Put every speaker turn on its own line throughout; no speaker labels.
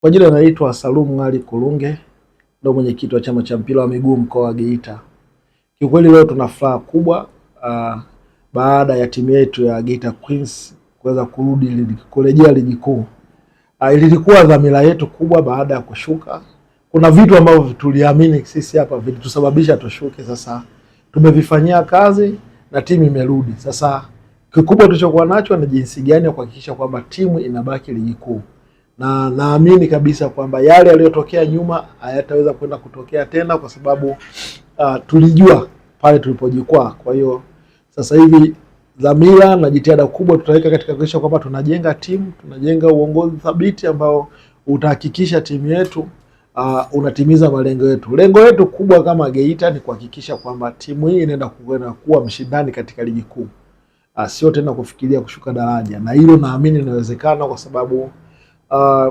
Kwa jina naitwa Salum Ali Kulunge, ndio mwenyekiti wa chama cha mpira wa miguu mkoa wa Geita. Kiukweli leo tuna furaha kubwa uh, baada ya timu yetu ya Geita Queens kuweza kurudi kurejea ligi kuu. Uh, ilikuwa dhamira yetu kubwa baada ya kushuka. Kuna vitu ambavyo tuliamini sisi hapa vilitusababisha tushuke, sasa tumevifanyia kazi na timu imerudi. Sasa kikubwa tulichokuwa nacho ni jinsi gani ya kuhakikisha kwamba timu inabaki ligi kuu na naamini kabisa kwamba yale yaliyotokea nyuma hayataweza kwenda kutokea tena, kwa sababu uh, tulijua pale tulipojikwaa. Kwa hiyo sasa hivi dhamira na jitihada kubwa tutaweka katika kuhakikisha kwamba tunajenga timu, tunajenga uongozi thabiti ambao utahakikisha timu yetu uh, unatimiza malengo yetu. Lengo letu kubwa kama Geita ni kuhakikisha kwamba timu hii inaenda kuwa mshindani katika ligi kuu, uh, sio tena kufikiria kushuka daraja, na hilo naamini inawezekana kwa sababu uh,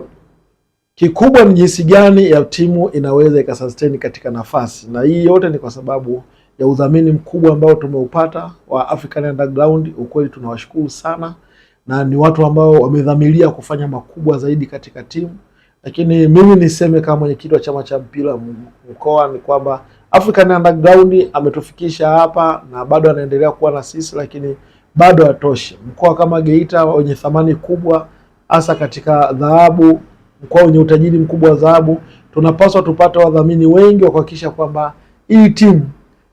kikubwa ni jinsi gani ya timu inaweza ikasustain katika nafasi, na hii yote ni kwa sababu ya udhamini mkubwa ambao tumeupata wa African Underground. Ukweli tunawashukuru sana, na ni watu ambao wamedhamiria kufanya makubwa zaidi katika timu. Lakini mimi niseme kama mwenyekiti wa chama cha mpira mkoa ni kwamba African Underground ametufikisha hapa na bado anaendelea kuwa na sisi, lakini bado hatoshi. Mkoa kama Geita wenye thamani kubwa hasa katika dhahabu. Mkoa wenye utajiri mkubwa wa dhahabu, tunapaswa tupate wadhamini wengi wa kuhakikisha kwamba hii timu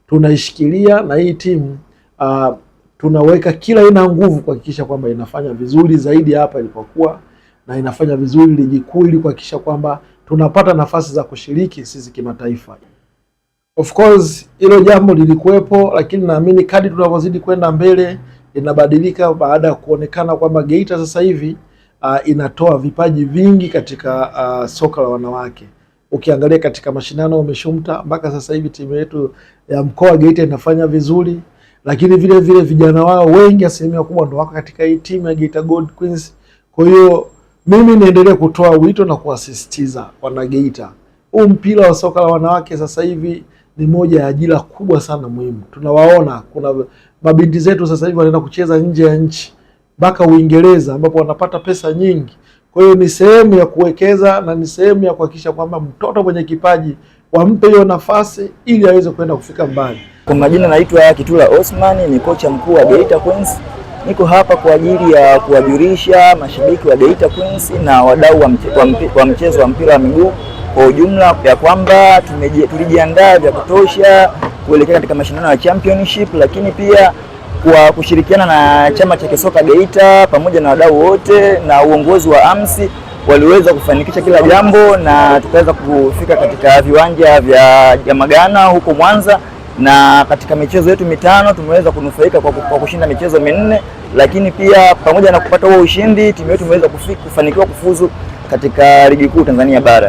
tunaishikilia na hii timu uh, tunaweka kila aina nguvu kuhakikisha kwamba inafanya vizuri zaidi hapa ilipokuwa na inafanya vizuri ligi kuu ili kuhakikisha kwamba tunapata nafasi za kushiriki sisi kimataifa. Of course hilo jambo lilikuwepo, lakini naamini kadri tunavyozidi kwenda mbele inabadilika, baada ya kuonekana kwamba Geita sasa hivi uh, inatoa vipaji vingi katika uh, soka la wanawake. Ukiangalia katika mashindano ya Umeshumta mpaka sasa hivi timu yetu ya mkoa Geita inafanya vizuri, lakini vile vile vijana wao wengi, asilimia kubwa, ndo wako katika hii timu ya Geita Gold Queens. Kwa hiyo mimi niendelee kutoa wito na kuwasisitiza Geita, huu mpira wa soka la wanawake sasa hivi ni moja ya ajira kubwa sana muhimu. Tunawaona kuna mabinti zetu sasa hivi wanaenda kucheza nje ya nchi mpaka Uingereza ambapo wanapata pesa nyingi. Kwa hiyo ni sehemu ya kuwekeza na ni sehemu ya kuhakikisha kwamba mtoto mwenye kipaji wampe hiyo nafasi ili aweze kwenda kufika mbali.
Kwa majina naitwa Kitula Osman, ni kocha mkuu wa Geita Queens. Niko hapa kwa ajili ya kuwajulisha mashabiki wa Geita Queens na wadau wa, mche, wa, mpe, wa mchezo wa mpira wa miguu kwa ujumla ya kwamba tulijiandaa vya kutosha kuelekea katika mashindano ya championship, lakini pia kwa kushirikiana na chama cha kisoka Geita pamoja na wadau wote na uongozi wa AMSI waliweza kufanikisha kila jambo na tukaweza kufika katika viwanja vya Jamagana huko Mwanza na katika michezo yetu mitano tumeweza kunufaika kwa, kwa kushinda michezo minne, lakini pia pamoja na kupata huo ushindi timu yetu imeweza kufanikiwa kufuzu katika ligi kuu Tanzania bara.